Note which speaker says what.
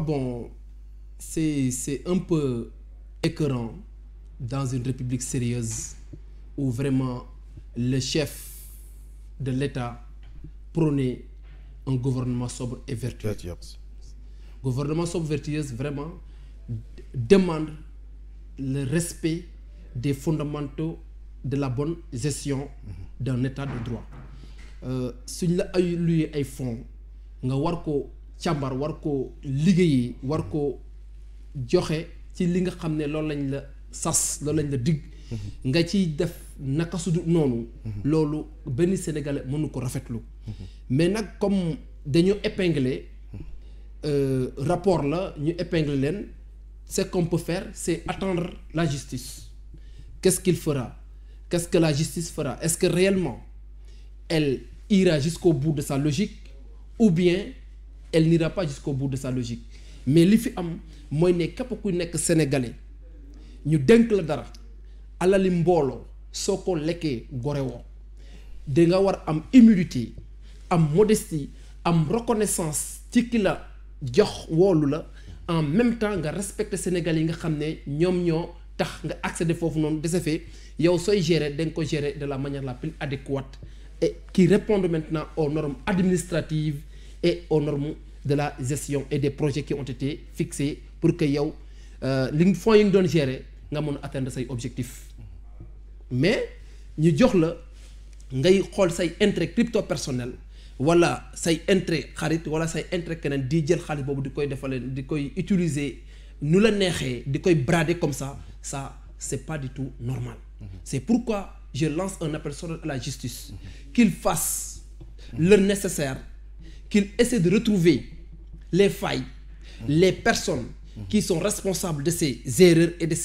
Speaker 1: bon c'est un peu écœurant dans une république sérieuse où vraiment le chef de l'État prônait un gouvernement sobre et vertueux. Gouvernement sobre et vertueux vraiment demande le respect des fondamentaux de la bonne gestion mhm. d'un État de droit. Euh, suñ la ay luy ay fonds nga war ko càmbar war ko liggéeyi war ko joxe ci li nga xam ne loolu lañ la sas loolu lañ la digg mhm. nga ciy def naka su noonu mhm. loolu benn sénégalais mënu ko rafetlu mhm. mais nag comme dañu épinglé euh, rapport la ñu épinglé leen ce qu'on peut faire c'est attendre la justice qu'est-ce qu'il fera qu'est-ce que la justice fera est-ce que réellement elle ira jusqu'au bout de sa logique ou bien elle n'ira pas jusqu'au bout de sa logique mais li fi am important, ne que les nekk sénégalais ñu dénk la dara alali mbooloo soo ko lekkee gore woo war am humilité am modestie am reconnaissance ci la jox en même temps nga respecter sénégalais nga xam nyom nyom, ñoo tax nga accéder fofu non, de ce fait yow soy gérer gérer de la manière la plus adéquate et qui répondent maintenant aux normes administratives et aux normes de la gestion et des projets qui ont été fixés pour que yow euh, li fonds yi nga doon gérer nga mën atteindre say objectifs mais ñu jox la ngay xol say intérêt crypto personnel wala say intérêt xarit wala say intérêt kenen di jël xarit bobu di koy defalee di koy utiliser nous la neexee di koy brader comme ça ça c'est pas du tout normal mm-hmm. c'est pourquoi je lance un appel sur la justice. qu'il fasse le nécessaire, qu'il essaie de retrouver les failles, les personnes qui sont responsables de ces erreurs et de ces